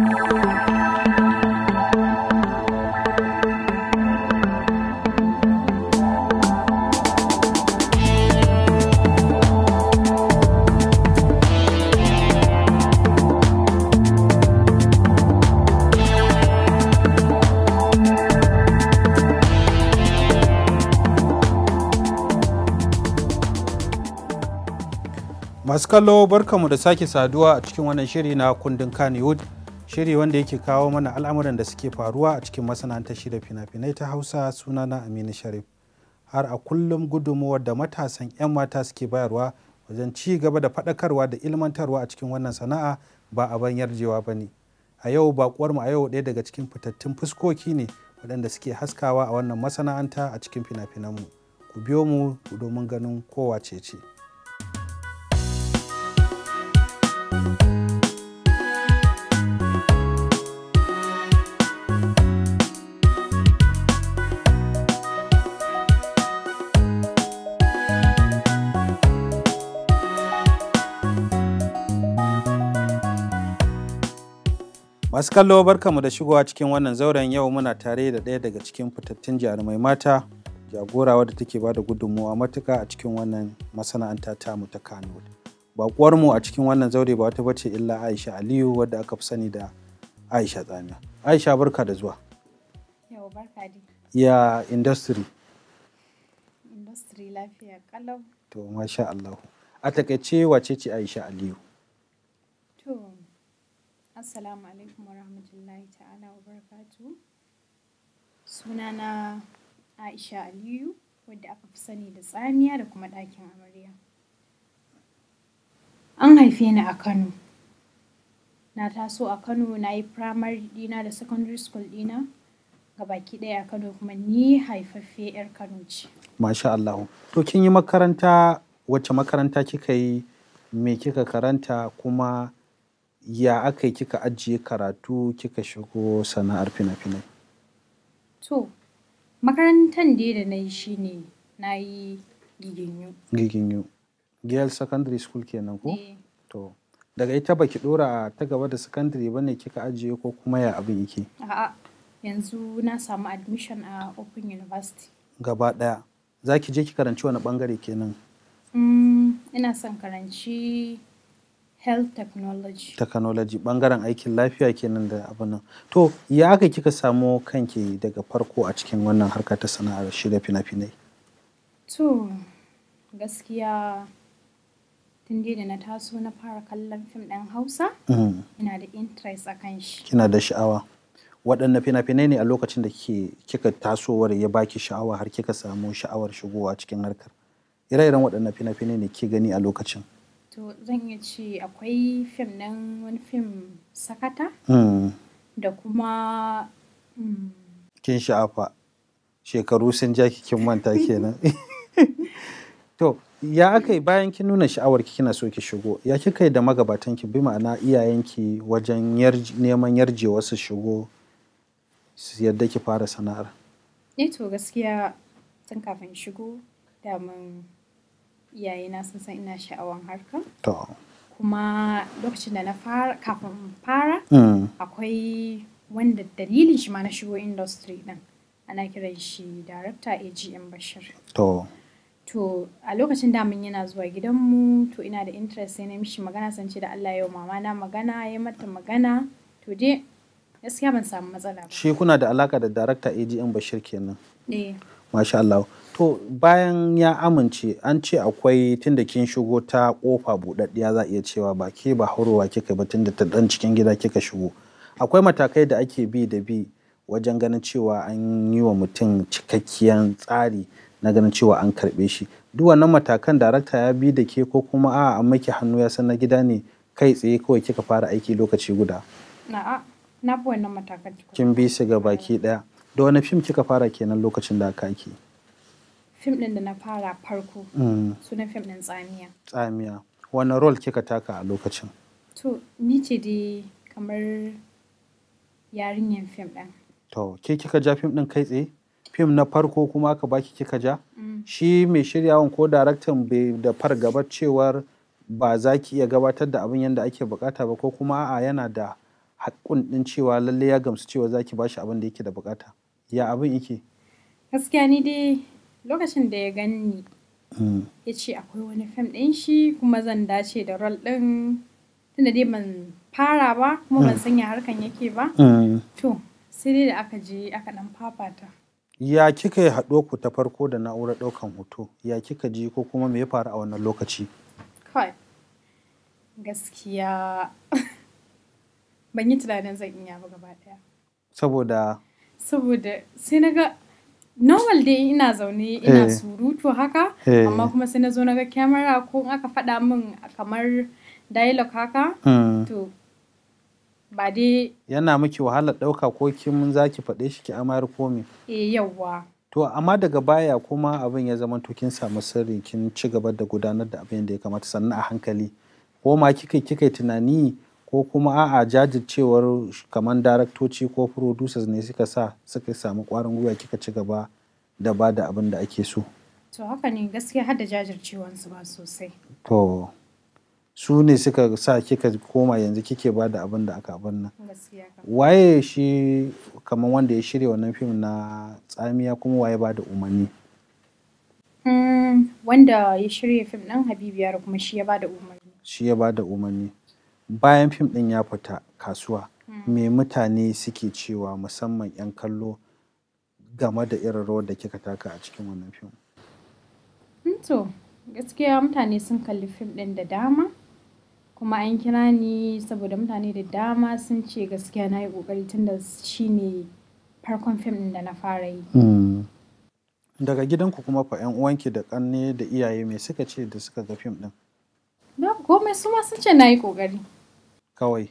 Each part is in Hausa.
masu kallo barkamu da sake saduwa a cikin wannan shiri na kundin kannywood shiri wanda yake kawo mana al'amuran da suke faruwa a cikin masana'antar shirya fina-finai ta hausa suna na aminu sharif har a kullum gudunmuwar da matasan 'yan mata suke bayarwa wajen ci gaba da faɗakarwa da ilmantarwa a cikin wannan sana'a ba a ban yarjewa ba ne a yau bakuwar mu a yau ɗaya daga cikin fitattun fuskoki ne waɗanda suke haskawa a wannan masana'anta a cikin fina-finanmu ku biyo mu domin ganin kowace ce. masu kallo barkamu da shigowa cikin wannan zauren yau muna tare da ɗaya daga cikin fitattun jarumai mata jagora wadda take ba da gudunmuwa matuka a cikin wannan masana'anta tamu ta kano bakuwarmu a cikin wannan zaure ba wata bace illa aisha aliyu wadda aka fi sani da aisha tsamiya aisha barka da zuwa ya industry industry lafiya kalau to masha Allah a takaice wace ce aisha aliyu to Assalamu alaikum wa rahmatullahi ta'ala wa barakatu. Sunana Aisha Aliyu wadda aka fi sani da tsamiya da kuma ɗakin amarya. An haife ni a Kano. Na taso a Kano na yi firamare ɗina da secondary school ɗina ga baki ɗaya a Kano kuma ni haifaffe 'yar Kano ce. Masha Allah. To kin yi makaranta wacce makaranta kika yi me kika karanta kuma ya aka yi kika ajiye karatu kika shigo sana'ar fina-finai? To, makarantar da da na yi shi ne na yi giginyu. Giginyu. Girls Secondary School kenan ko? Eh. To, daga ita baki dora ta gaba da secondary ba ne kika ajiye ko kuma ya abin yake? A'a, yanzu na samu admission a Open University. Gaba ɗaya. Za ki je ki karanci wani bangare kenan? Mm, ina son karanci health technology technology bangaren aikin lafiya kenan da abin nan to ya aka kika samo kanki daga farko a cikin wannan harka ta sana'ar shirya fina-finai to gaskiya tun da na taso na fara kallon fim ɗin hausa mm-hmm. ina da interest a kan shi kina da sha'awa waɗanne fina-finai ne a lokacin da kika tasowar ya baki sha'awa har kika samu sha'awar shigowa cikin harkar ire-iren waɗanne fina-finai ne ke gani a lokacin to zan iya ce akwai fim nan wani fim sakata hmm. da kuma hmm. kin sha'afa shekaru sun ja ki kin manta kenan to ya aka yi bayan kin nuna sha'awar ki kina so ki shigo ya kika yi da magabatan ki bi ma'ana iyayen ki wajen neman yarje su shigo su yadda ki fara sana'ar ne eh to gaskiya tun kafin shigo da iyayena sun san ina sha'awan To. Kuma lokacin da na fara kafin fara mm. akwai wanda dalilin shi ma na shigo industry ɗin ana kiran shi director AGM Bashir. To. To a lokacin da mun yana zuwa gidanmu to ina da interest sai na mishi magana san ce da Allah yau mama na magana ya mata magana to dai gaskiya ban samu matsala ba. Shi kuna da alaka da director AGM Bashir kenan. Eh. masha Allah to bayan ya amince an ce akwai tunda kin shigo ta kofa buɗaɗɗiya za iya cewa ba ke ba haurowa kika ba tunda ta dan cikin gida kika shigo akwai matakai da ake bi da bi wajen ganin cewa an yi wa mutum cikakkiyan tsari na ganin cewa an karɓe shi duk wannan matakan darakta ya bi da ke ko kuma a an maki hannu ya san na gida ne kai tsaye kawai kika fara aiki lokaci guda na'a na bi wannan matakan kin bi su ga baki ɗaya. da wani fim kika fara kenan lokacin da aka ake fim din da na fara farko mm. sunan fim din tsamiya tsamiya wani rol kika taka a lokacin to ni ce dai kamar yin fim din. to ke kika ja fim din kai tsaye fim na farko kuma aka baki kika ja mm. shi mai shiryawan ko daraktan bai da fargabar cewar ba za ki iya gabatar da abin yadda ake bukata ba ko kuma a'a yana da haƙƙun ɗin cewa lalle ya gamsu cewa za ki bashi abin da yake da bukata ya abin yake gaskiya ni dai lokacin da ya ganni hmm. ya ce akwai wani fim ɗin shi kuma zan dace da rol ɗin tunda dai ban fara ba kuma ban hmm. sanya harkan yake ba hmm. to sai dai da aka je aka ɗan fafata ya kika yi haɗo ku ta farko da na'urar ɗaukan hoto ya kika ji ko kuma me ya faru a wannan lokaci kai gaskiya ban yi tunanin zan iya ba gaba ɗaya saboda saboda sai na ga normal dai ina zaune ina eh. surutu haka eh. amma kuma sai na zo na ga kyamara ko in aka faɗa min kamar dialogue haka hmm. to ba dai yana miki wahalar ɗauka ko kin za ki faɗe shi ki amayar komi eh yawwa to amma daga baya kuma abin ya zama to kin samu sirri kin ci gaba da gudanar da abin da ya kamata sannan a hankali ko ma kika kika tunani ko kuma a'a jajircewar kamar daraktoci ko producers ne suka sa suka samu ƙwarin gwiwa kika ci gaba da ba da abin da ake so to haka ne gaskiya har da su ba sosai to su ne suka sa kika koma yanzu kike ba da abin da aka abin nan waye shi kamar wanda ya shirya wannan fim na tsamiya kuma waye ba da umarni hmm, wanda ya shirya fim ɗin habibu Yara kuma shi ya ba da umarni shi ya ba da umarni bayan fim ɗin ya fita kasuwa hmm. me mutane suke cewa musamman 'yan kallo game da irin rawar da kika taka a cikin wannan fim? Hmm, to gaskiya mutane sun kalli fim ɗin da dama kuma an kira ni saboda mutane da dama sun ce gaskiya na yi ƙoƙari tun da shi ne farkon fim ɗin da na fara yi hmm. daga gidanku kuma fa 'yan uwanki da ƙanne da iyaye me suka ce da suka ga fim ɗin? komai su ma sun ce na yi ƙoƙari kawai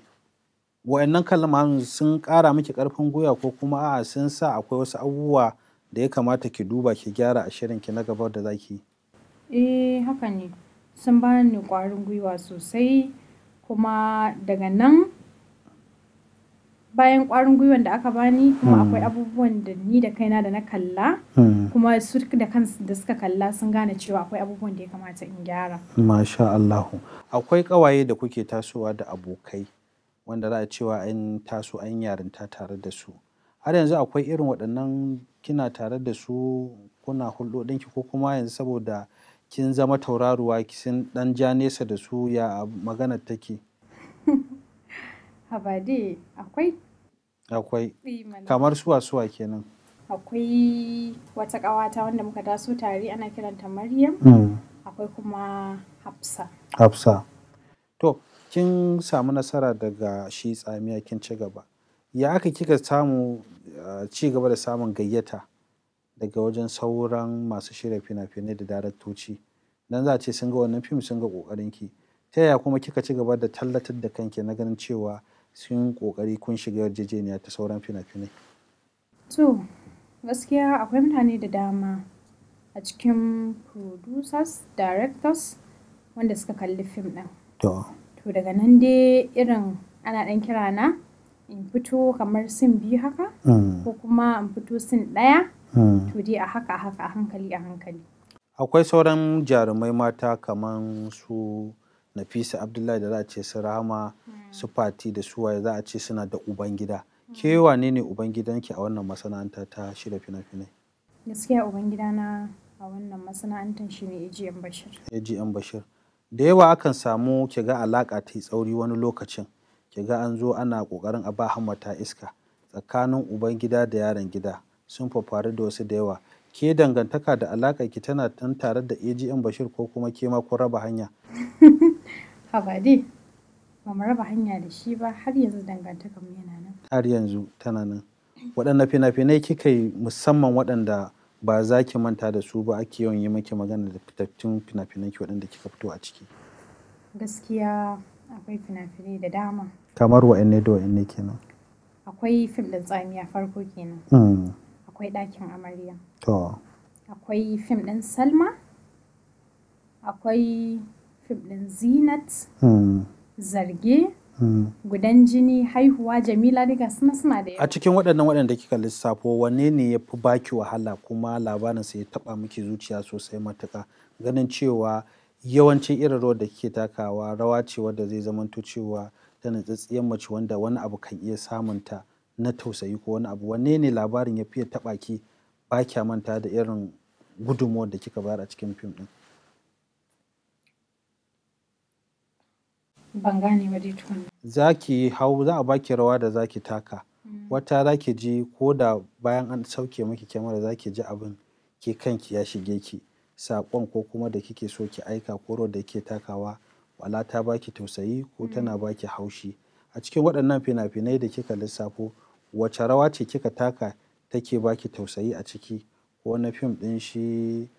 wa'annan kalman sun ƙara miki ƙarfin gwiwa ko kuma a'a sun sa akwai wasu abubuwa da ya kamata ki duba ki gyara a shirin ki na gaba da zaki eh haka ne sun bani ƙwarin gwiwa sosai kuma daga nan bayan kwarin gwiwan da aka bani kuma hmm. akwai abubuwan da ni da kaina da na kalla hmm. kuma su da kansu da suka kalla sun gane cewa akwai abubuwan da ya kamata in gyara masha Allahu akwai ƙawaye da kuke tasowa da abokai wanda za a cewa an taso an yarinta tare da su har yanzu akwai irin waɗannan kina tare da su kuna hulɗoɗinki ko kuma yanzu saboda kin zama tauraruwa kin dan ja nesa da su ya magana take Habade akwai? Akwai. Kamar suwa-suwa kenan. Akwai wata ƙawata wanda muka taso tare ana kiranta Maryam. Mm. Akwai kuma Hafsa. Hafsa. To, kin samu nasara daga shi tsamiya kin ci gaba. Ya aka kika samu eh, ci gaba da samun gayyata daga wajen sauran masu shirya fina-finai da daraktoci. Dan za a ce sun ga wannan fim sun ga ki Ta yaya kuma kika ci gaba da tallatar da kanki na ganin cewa sun kokari kun shiga yarjejeniya ta sauran fina-finai to gaskiya akwai mutane da dama a cikin producers directors wanda suka kalli fim ɗin to daga nan dai irin ana ɗan kira na in fito kamar sin biyu haka mm. ko kuma in fito sin ɗaya mm. to dai a haka a haka a hankali a hankali akwai sauran jarumai mata kamar su nafisa abdullahi da za a ce su rahama hmm. su fati da suwaye za a ce suna da ubangida ke wane ne ubangidanki a wannan masana'anta ta shirya fina-finai gaskiya ubangida na a wannan masana'antar shi ne ejiyan bashir bashir da yawa akan samu ki ga alaka ta tsauri wani lokacin ki ga an zo ana kokarin a ba hammata iska tsakanin ubangida da yaron gida sun fafari da wasu da yawa ke dangantaka da alaka ki tana tan tare da ejiyan bashir ko kuma ke ma kun raba hanya Haba ba mu raba hanya da shi ba har yanzu mu yana nan. Har yanzu tana nan. Waɗanne fina-finai kika yi musamman waɗanda ba za ki manta da su ba ake yawan yi maki magana da fitattun fina-finan ki waɗanda kika fito a ciki? Gaskiya akwai fina-finai da dama. Kamar wa'anne da wa'anne kenan? Akwai fim ɗin tsamiya farko kenan. Mm. Akwai ɗakin amarya. To. Akwai fim ɗin Salma. Akwai fim ɗin zinat hmm. zarge hmm. gudan jini haihuwa jamila daga suna suna da a cikin waɗannan waɗanda kika lissafo wane ne ya fi baki wahala kuma labarin sai ya taɓa miki zuciya sosai matuka ganin cewa yawancin irin rawar da kike takawa rawa ce wadda zai zamanto cewa tana tsatsiyan mace wanda wani abu kan iya samunta na tausayi ko wani abu wane ne labarin ya fiye taɓa ki ba manta da irin gudunmuwar da kika bayar a cikin fim ɗin Ban gane ba dai Za ki hau za a baki rawa da za ki taka. Mm. Wata za ki ji ko da bayan an sauke maki kyamara za ki ji abin ke kanki ya shige ki. Saƙon ko kuma da kike so ki aika ko da ke takawa wala ta baki tausayi ko mm. tana baki haushi. A cikin waɗannan fina-finai da kika lissafo wace rawa ce kika taka take baki tausayi a ciki ko na fim ɗin shi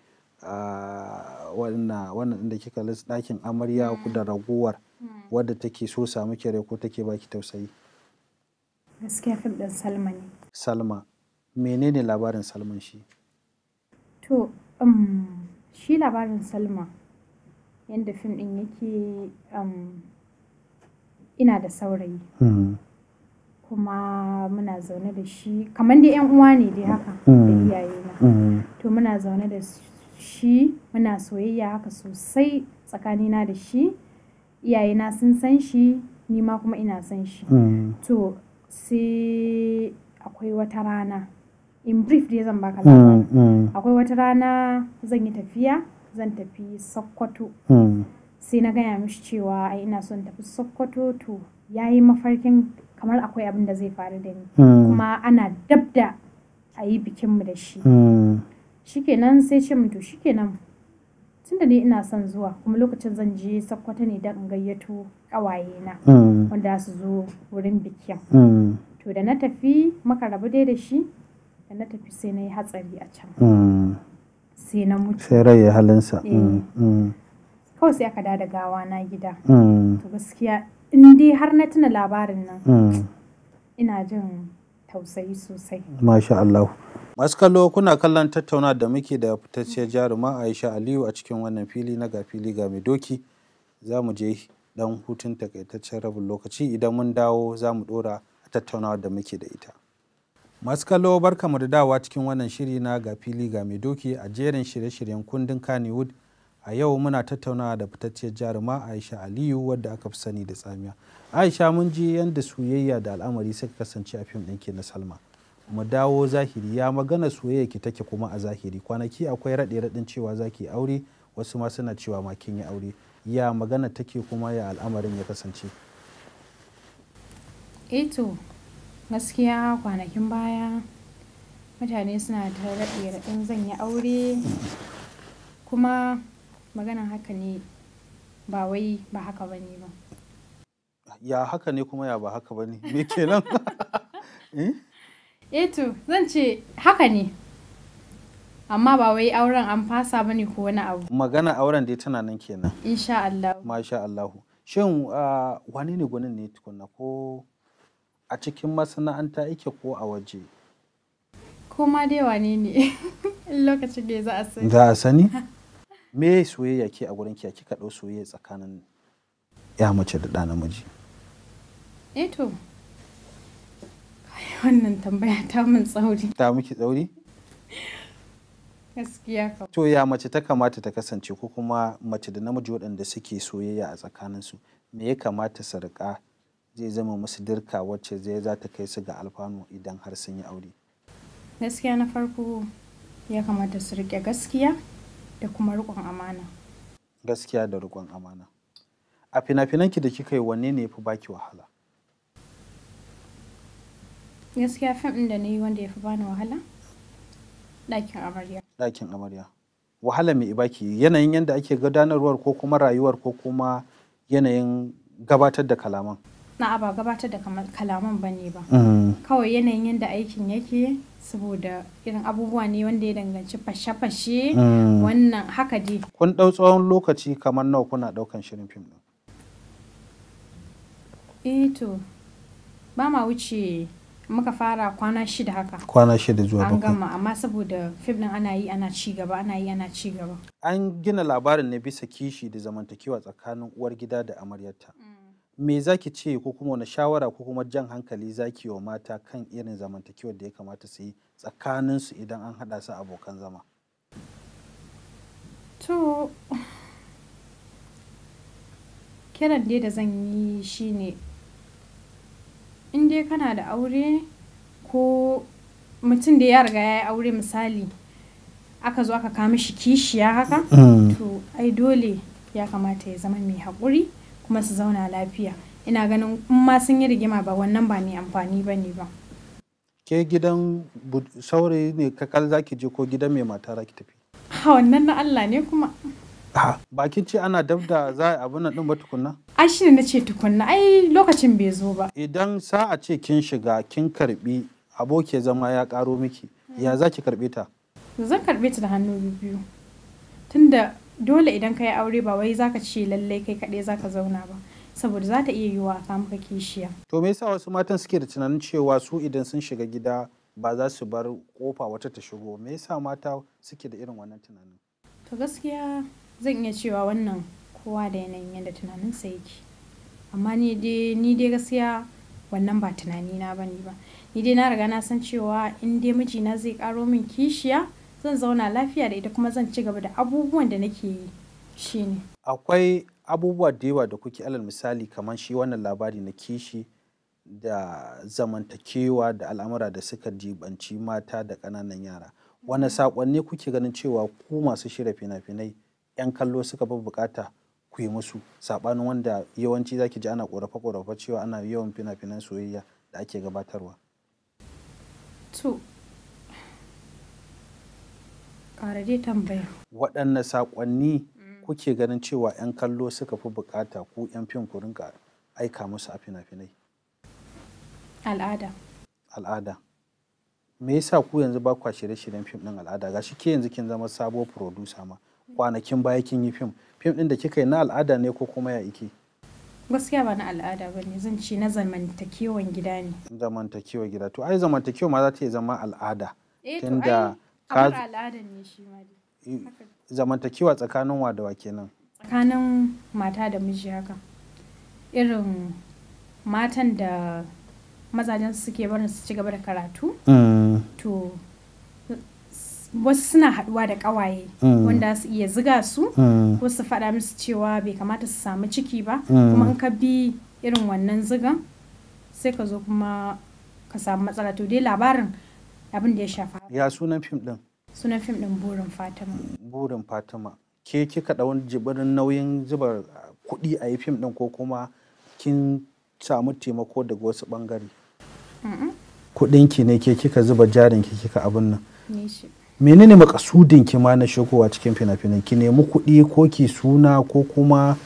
ah, wannan ɗin da kika lissafo ɗakin amarya mm. da raguwar. Hmm. wadda take so samu kere ko take baki tausayi gaskiya fim ɗin salma ne salma menene labarin salman shi to um, shi labarin salma yadda fim ɗin yake um, ina da saurayi hmm. kuma muna zaune da shi kamar da yan uwa ne dai haka da hmm. iyaye na to muna zaune da shi muna soyayya haka sosai tsakanina da shi na sun san shi ni ma kuma ina san shi hmm. to sai akwai wata rana in brief dai zan baka hmm, labarin hmm. akwai wata rana zan yi tafiya zan tafi sokoto sai na gaya mishi cewa ai ina son tafi sokoto to ya yi mafarkin kamar akwai abin da zai faru da ni kuma ana dabda a yi bikinmu da shi shikenan sai ce mutu to shikenan da ne ina son zuwa kuma lokacin zan je sakkwata ne don in gayyato ƙawaye na mm. wanda su zo wurin bikin mm. to da na tafi maka rabu dai da shi da na tafi sai na yi hatsari a can mm. sai na mutu sai rai halinsa eh. kawai sai aka da da gawa na gida to gaskiya in dai har na tuna labarin nan ina jin tausayi sosai masha Allah masu kallo kuna kallon tattauna da muke da fitacciyar jaruma Aisha Aliyu a cikin wannan fili na ga fili ga mai doki za mu je dan hutun takaitaccen rabin lokaci idan mun dawo za mu dora a tattaunawa da muke da ita masu kallo mu da dawa cikin wannan shiri na ga fili ga mai doki a jerin shirye-shiryen kundin Kannywood a yau muna tattaunawa da fitacciyar jaruma aisha aliyu wadda aka fi sani da tsamiya aisha mun ji yadda soyayya da al'amari suka kasance a fim ɗinki na salma mu dawo zahiri ya magana soyayya ki take kuma a zahiri kwanaki akwai raɗe raɗin cewa zaki aure wasu ma suna cewa ma kin yi aure ya magana take kuma ya al'amarin ya kasance eto eh gaskiya kwanakin baya mutane suna ta raɗe raɗin zan yi aure kuma maganan haka ne ba wai ba haka ba ne ba ya haka ne kuma ya ba haka ba ne me kenan eh? eh to zan ce haka ne amma ba wai auren an fasa ba ne ko wani abu magana auren dai tana nan kenan insha Allah masha Allah shin ah, wani ne gwanin ne tukunna ko a cikin masana'anta yake ko a waje ko ma dai wane ne lokacin da za a sani za a sani me soyayya ke a gurin ki kika soyayya tsakanin ya mace da ɗa namiji eto eh to wannan tambaya ta min tsauri ta miki tsauri gaskiya ka to ya mace ta kamata ta kasance ko kuma mace da namiji waɗanda suke soyayya a tsakaninsu me ya kamata su riƙa zai zama musu dirka wacce zai za ta kai su ga alfanu idan har sun yi aure gaskiya na farko ya kamata su riƙe gaskiya da kuma rikon amana gaskiya da rikon amana a fina-finanki da kika yi wanne ne ya fi baki wahala gaskiya fim da na yi wanda ya fi bani wahala ɗakin amarya ɗakin amarya wahala mai ibaki yanayin yadda ake gudanarwar ko kuma rayuwar ko kuma yanayin gabatar da kalaman na ba gabatar da kalaman ba ne mm. ba kawai yanayin yadda aikin yake saboda irin abubuwa ne wanda ya danganci fashe-fashe mm. wannan haka dai kun ɗau tsawon lokaci kamar nawa kuna ɗaukan shirin fim ɗin eh to ba ma wuce muka fara kwana shida haka kwana shida zuwa an gama amma saboda fim ɗin ana yi ana ci gaba ana yi ana ci gaba an gina labarin ne bisa kishi da zamantakewa tsakanin uwar gida da amaryarta mm. me zaki ce ko kuma wani shawara ko kuma jan hankali zaki wa mata kan irin zamantakewar da ya kamata su yi tsakaninsu idan an hada su abokan zama to kiran dai da zan yi shine in dai kana da aure ko mutum da ya riga ya yi aure misali aka zo aka kama shi kishiya haka mm. to ai dole ya kamata ya zama mai haƙuri kuma su zauna lafiya ina ganin in ma sun yi rigima ba wannan ba mai amfani ba ne ba ke gidan saurayi ne kakal zaki je ko gidan mai mata za ki tafi ha wannan na Allah ne kuma bakin ce ana dab da za a abin nan ba tukunna ai ne nace tukunna ai lokacin bai zo ba idan sa a ce kin shiga kin karbi aboke zama ya karo miki ya za ki karbe ta zan karbe ta da hannu biyu tunda dole idan ka yi aure ba wai zaka ce lallai kai kaɗai zaka zauna ba saboda za ta iya wa ka maka kishiya. To me yasa wasu matan suke da tunanin cewa su idan sun shiga gida ba za su bar kofa wata ta shigo me yasa mata suke da irin wannan tunanin? To gaskiya zan iya cewa wannan kowa da yanayin yadda tunaninsa yake amma ni dai gaskiya wannan ba tunani na bane ba ni dai na riga na san cewa in dai mijina zai karo min kishiya zan zauna lafiya da ita kuma zan ci gaba da abubuwan da nake yi shine akwai abubuwa da yawa da kuke alal misali kamar shi wannan labari na kishi da zamantakewa da al'amura da suka jibanci mata da ƙananan yara wani mm-hmm. saƙonni kuke ganin cewa ku masu shirya fina-finai 'yan kallo suka fi bukata ku yi musu saɓanin wanda yawanci zaki ji ana ƙorafe-ƙorafe cewa ana yawan fina-finan soyayya da ake gabatarwa to Ƙarare tambaya. Waɗanne saƙonni mm. kuke ganin cewa 'yan kallo suka fi bukata ko 'yan fim ku rinka aika musu a fina-finai? Al'ada. Al'ada. Me yasa ku yanzu ba kwa shirye-shiryen fim ɗin al'ada? ga shi ke yanzu kin zama sabuwar producer ma. Kwanakin baya kin yi fim. Fim ɗin da kika yi na al'ada ne ko kuma ya ike? gaskiya ba na al'ada ba ne zan ci na zamantakewan gida ne Zamantakewan gida to ai zamantakewa ma za ta iya zama al'ada eh tunda kamar ne mm. zamantakewa tsakanin wa da wake kenan tsakanin mata da miji haka irin matan da mazajen suke barin su ci gaba da karatu mm. to wasu suna haduwa da kawaye mm. wanda su iya ziga su ko su faɗa musu cewa bai kamata su samu ciki ba kuma in ka bi irin wannan zigan sai ka zo kuma ka samu matsala to dai labarin abin da ya shafa ya sunan fim din sunan fim din burin fatima burin fatima ke kika da wani jibirin nauyin zuba kuɗi a yi fim din ko kuma kin samu taimako daga wasu bangare kuɗin ki ne ke kika zuba jarin ki kika abin nan menene makasudin ki ma na shigowa cikin fina-finai ki nemi kuɗi ko ki suna ko kuma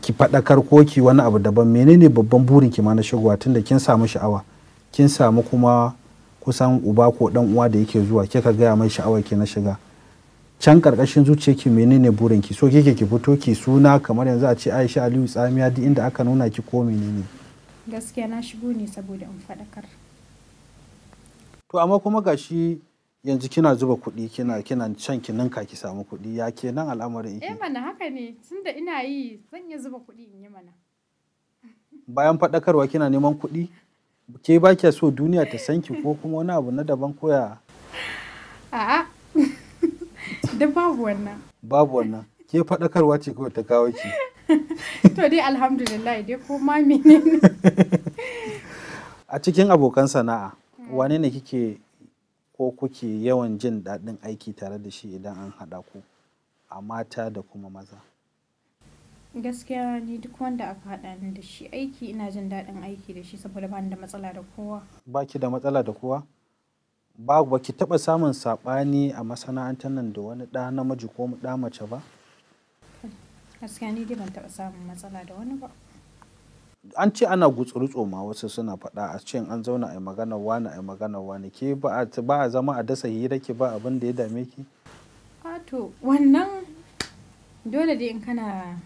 ki faɗakar ko ki wani abu daban menene babban burin ki ma na shigowa tunda kin samu sha'awa kin samu kuma kusan uba ko dan uwa da yake zuwa kika gaya mai sha'awar ke na shiga can karkashin zuciya ke menene burin ki so kike ki fito ki suna kamar yanzu a ce Aisha Aliyu tsamiya duk inda aka nuna ki ko menene gaskiya na shigo ne saboda in faɗakar to amma kuma gashi yanzu kina zuba kuɗi kina kina can ki ninka ki samu kuɗi ya kenan al'amarin yake eh mana haka ne tunda ina yi zan iya zuba kuɗi in yi mana bayan faɗakarwa kina neman kuɗi ke ba kya so duniya ta san ki ko kuma wani abu na daban koya a'a duk babu wannan babu wannan ke faɗakarwa ce kawai ta kawo ki to dai alhamdulillah dai ko ma menene a cikin abokan sana'a wane ne kike ko kuke yawan jin daɗin aiki tare da shi idan an haɗa ku a mata da kuma maza gaskiya ni duk wanda aka haɗa ni da shi aiki ina jin daɗin aiki da shi saboda bani da matsala da kowa ba ki da matsala da kowa ba ba ki taɓa samun saɓani a masana'antar nan da wani ɗa namiji ko ɗa mace ba gaskiya ni dai ban taɓa samun matsala da wani ba an ce ana gutsurutso ma wasu suna faɗa a ce an zauna a magana wani a magana wani ke ba a zama a dasa hira ki ba abin da ya dame ki? to wannan dole dai in kana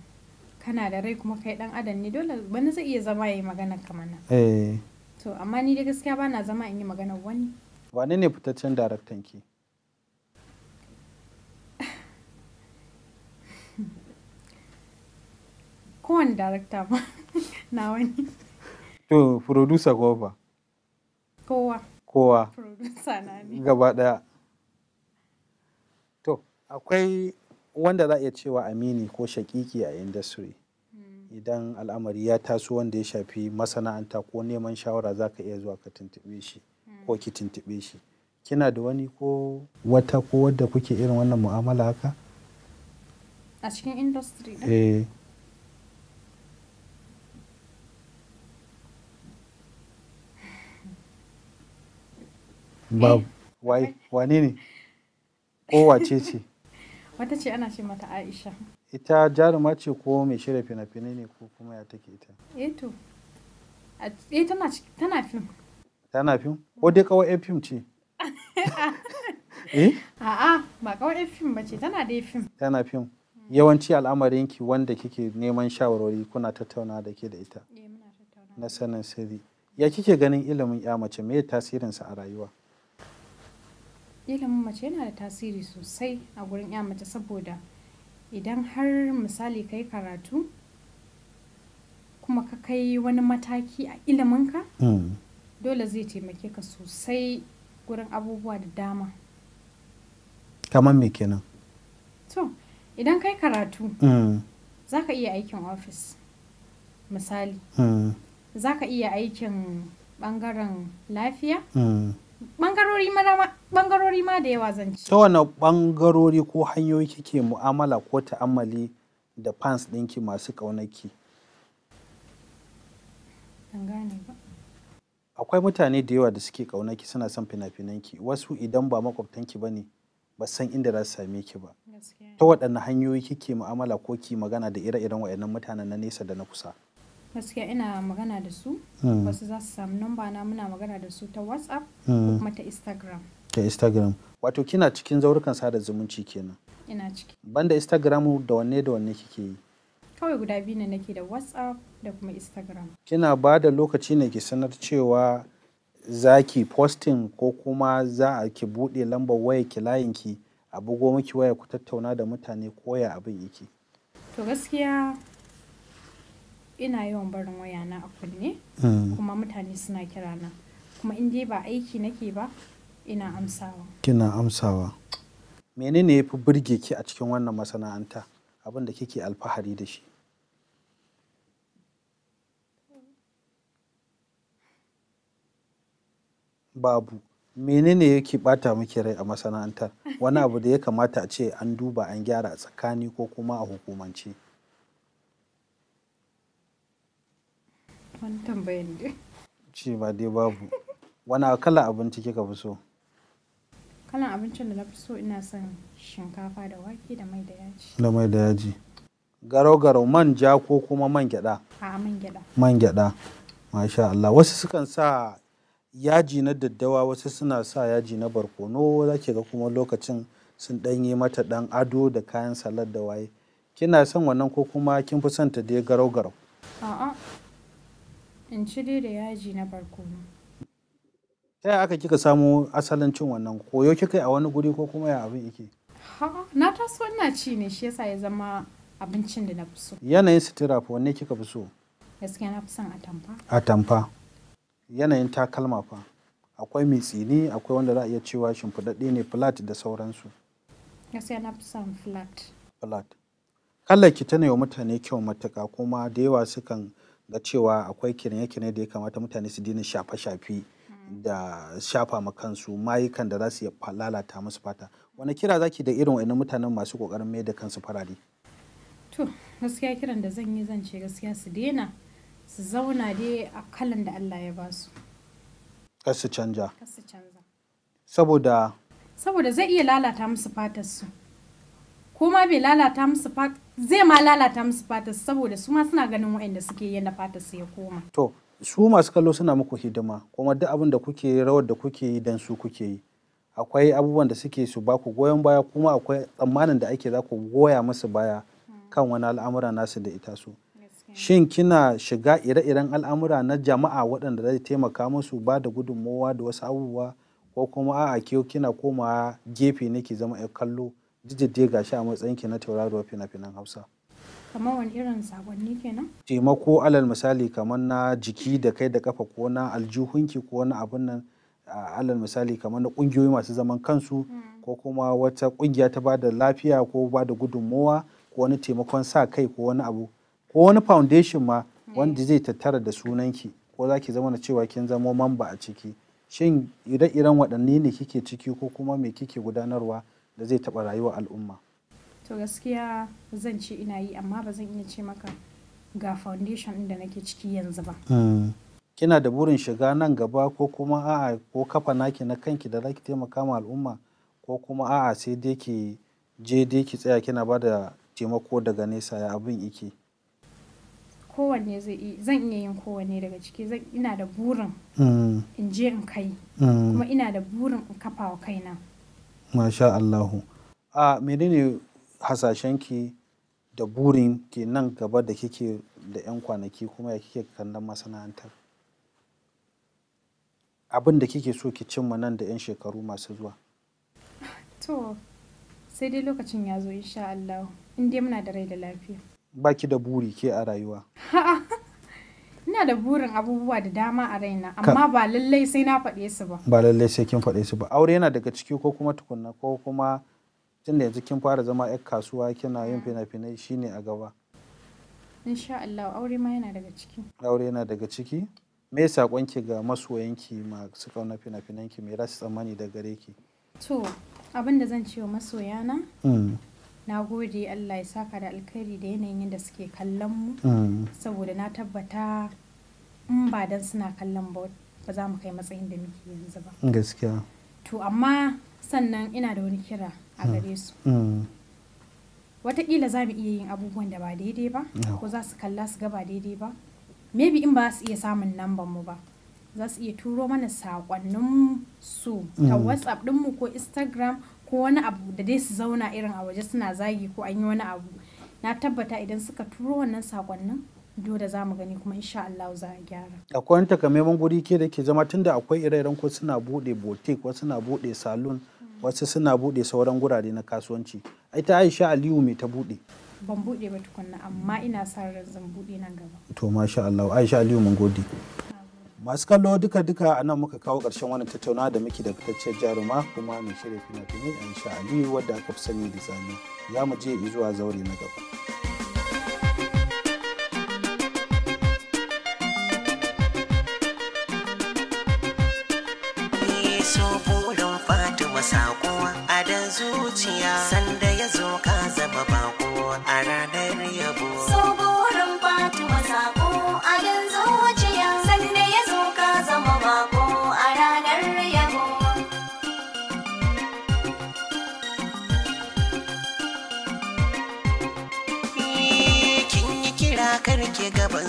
kana da rai kuma kai dan adam ne dole wani zai iya zama ya yi magana kamar nan eh to amma ni da gaskiya na zama in yi magana wani wane ne fitaccen daraktan ki kowane darakta ma na wani to producer ko ba kowa kowa producer na ne gaba daya to akwai wanda za a iya cewa amini ko shakiki a industry hmm. idan al'amari ya taso wanda ya shafi masana'anta ko neman shawara za ka iya zuwa ka tuntube shi hmm. ko ki tuntube shi kina da wani ko wata ko wadda kuke irin wannan mu'amala haka a cikin industry eh. eh ba wane ne ko wace ce Wata ce ana ce mata Aisha. Ita jaruma ce ko mai shirya fina-finai ne ko kuma ya take ita? Eto, eh, eh tana tana fim. Tana fim? Ko dai kawai yan fim ce? Eh? A'a, ba kawai yan fim bace, tana dai fim. Tana fim. Yawanci al'amarin ki wanda kike neman shawarwari kuna tattauna da ke da ita. Eh, Na sanin sirri. Ya kike ganin ilimin ya mace me tasirinsa a rayuwa? ilimin mace yana da tasiri sosai a gurin ya mace saboda idan har misali ka yi karatu kuma ka kai wani mataki a iliminka hmm. dole zai taimake ka sosai gurin abubuwa da dama kamar me kenan to idan kai karatu hmm. za ka iya aikin ofis misali hmm. za ka iya aikin bangaren lafiya bangarori bangarori ma da yawa zan ci. Ta wane bangarori ko hanyoyi kike mu'amala ko ta'ammali da fans ɗinki masu ƙaunaki? Ban gane ba. Akwai mutane da yawa da suke ƙaunaki suna son fina-finanki wasu idan ba makwabtanki ba ne ba san inda za su same ki ba. Ta waɗanne hanyoyi kike mu'amala ko ki magana da ire-iren waɗannan mutanen na nesa da na kusa? gaskiya ina magana da su wasu hmm. za su samu namba na muna magana da su ta whatsapp ko hmm. kuma ta instagram ta instagram wato kina cikin zaurukan sada zumunci kenan ina ciki banda instagram da wanne da wanne kike yi kawai guda biyu ne nake da whatsapp da kuma instagram kina ba da lokaci ne ki sanar cewa za ki posting ko kuma za a ki buɗe lambar waya ki layin ki a bugo miki waya ku tattauna da mutane koya abin yake to gaskiya ina yawan barin waya na a kunne hmm. kuma mutane suna kirana kuma in dai ba aiki nake ba ina amsawa kina amsawa menene ya fi burge ki a cikin wannan masana'anta abin da kike alfahari da shi babu menene yake bata miki rai a masana'antar wani abu da ya kamata a ce an duba an gyara a tsakani ko kuma a hukumance wani tambayan ne. Ce ba dai babu. Wani kalan abinci kika fi so? Kalan abincin da na fi so ina son shinkafa da wake da mai da yaji. Da mai da yaji. Garau-garau manja ko kuma man gyada? A man gyada. Man gyada. Masha Allah. Wasu sukan sa yaji na daddawa wasu suna sa yaji na barkono za ki ga kuma lokacin sun ɗanye mata ɗan ado da kayan salar da waye. Kina son wannan ko kuma kin fi son ta dai garau-garau? A'a, in ci dai da yaji na barkono ta yaya aka kika samu asalin cin wannan koyo kika a wani guri ko kuma ya abin yake na taso ina ci ne shi yasa ya zama abincin da na fi so yanayin sitira fa wanne kika fi so gaskiya na fi son atamfa atamfa yanayin takalma fa akwai mai tsini akwai wanda za a iya cewa shimfiɗaɗɗe ne flat da sauransu gaskiya na fi son flat flat ki tana yi wa mutane kyau matuka kuma da yawa sukan ga cewa akwai kirye-kirye da ya kamata mutane su dina shafe-shafe da shafa ma kansu mayukan da za su lalata musu fata wani kira zaki da irin wa'annan mutanen masu kokarin mai da kansu farare to gaskiya kiran da zan yi zan ce gaskiya su daina su zauna dai a kalan da Allah ya ba su kar su canja saboda saboda zai iya lalata musu fatar su ko ma bai lalata musu zai ma lalata musu fatar saboda su ma suna ganin waɗanda suke yi na fatar su ya koma. To su masu kallo suna muku hidima kuma duk abin da kuke rawar da kuke yi dan su kuke yi. Akwai abubuwan da suke su baku goyon baya kuma akwai tsammanin da ake za ku goya musu baya kan wani al'amura nasu da ita su. Shin kina shiga ire-iren al'amura na jama'a waɗanda zai taimaka musu ba da gudunmowa da wasu abubuwa ko kuma a'a ke kina komawa gefe ne ki zama 'yar kallo jijjidde shi a matsayin ki na tauraruwa fina-finan hausa kamar wani irin sakonni kenan taimako alal misali kamar na jiki da kai da kafa ko na aljihunki ko na abin nan alal misali kamar na kungiyoyi masu zaman kansu hmm. ko kuma wata kungiya ta ba da lafiya ko ba da gudunmowa ko wani taimakon sa kai ko wani abu ko wani foundation ma hmm. wanda zai tattara da sunanki ko zaki zama na cewa kin zamo mamba a ciki shin ire-iren waɗanne ne kike ciki ko kuma me kike gudanarwa da zai taba rayuwa al'umma to gaskiya zan ce ina yi amma ba zan iya ce maka ga foundation inda nake ciki yanzu ba hmm. kina da burin shiga nan gaba ko kuma a'a ko kafa naki na kanki da zaki taimaka ma al'umma ko kuma a'a sai dai ki je dai ki tsaya kina ba da taimako daga nesa ya abin yake. kowanne zan iya yin kowanne daga ciki ina da burin hmm. in je in kai hmm. kuma ina da burin in kafa wa kaina Masha Allahu. A menene hasashen ki da burin ke nan gaba da kike da 'yan kwanaki kuma ya kike kallon masana'antar? Abin da kike so ki cimma nan da 'yan shekaru masu zuwa? To, sai dai lokacin ya zo insha Allahu, in muna da rai da lafiya. Baki da buri ke a rayuwa. ina da burin abubuwa da dama a raina amma ba lallai sai na faɗe su ba ba lallai sai kin faɗe su ba aure yana daga ciki ko kuma tukunna ko kuma tun da yanzu kin fara zama yar kasuwa kina yin mm. fina-finai shine a gaba insha Allah aure ma yana daga ciki aure yana daga ciki me sakon ki ga masoyanki su kauna fina-finan ki me za su tsammani da gare ki to abin da zan ce wa masoya na mm. na gode Allah ya saka da alkhairi da yanayin da suke kallon mu mm. saboda na tabbata in ba dan suna kallon ba ba za mu kai matsayin da muke yanzu ba gaskiya to amma sannan ina da wani kira a hmm. gare su hmm. watakila za mu iya yin abubuwan da ba daidai ba ko za su kalla su ga ba daidai ba maybe in ba su iya samun namban mu ba za su iya turo mana saƙonnin su ta hmm. whatsapp dinmu ko instagram ko wani abu da dai su zauna irin a waje suna zagi ko an yi wani abu na tabbata idan suka turo wannan sakonnin da za mu gani kuma insha Allah za a gyara. Akwai wani takamaiman guri ke da ke zama tunda akwai ire-iren ko suna bude boutique wasu suna bude salon wasu suna bude sauran gurare na kasuwanci. Ita Aisha Aliyu me ta bude? Ban bude ba tukunna amma ina sa ran zan bude nan gaba. To masha Allah Aisha Aliyu mun gode. Masu kallo duka-duka a nan muka kawo ƙarshen wannan tattauna da muke da fitaccen jaruma kuma mai shirya fina-finai Aisha Aliyu wadda aka fi sani da Zani. Za mu je zuwa zaure na gaba.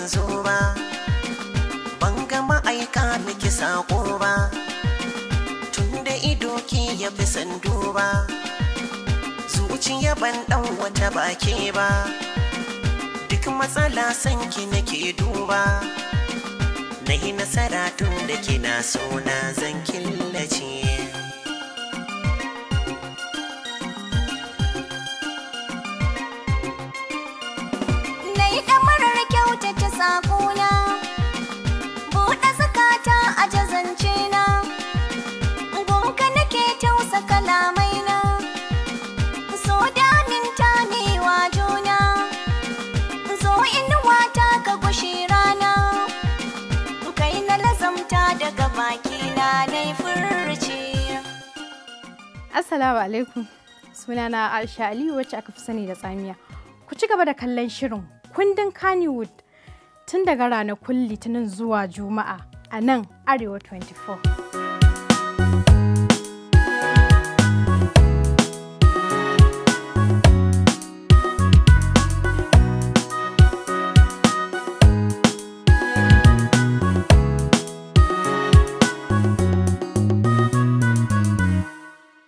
manzo ba ban ga ma'aika miki sako ba tunda ido ki ya fi sando ba zuciya ban dan wata ke ba duk matsala san ki nake duba na yi nasara tun da kina sona zan killace na yi kamar zance na gunka nake tausa kalamai na so da ta ne wa juna zo inuwa ta ka gushe rana kai na lazamta daga baki na dai furci Assalamu alaikum sunana Aisha Aliyu wacce aka fi sani da tsamiya ku ci gaba da kallon shirin kundin Kannywood tun daga ranakun litinin zuwa juma'a Anang, Ario 24.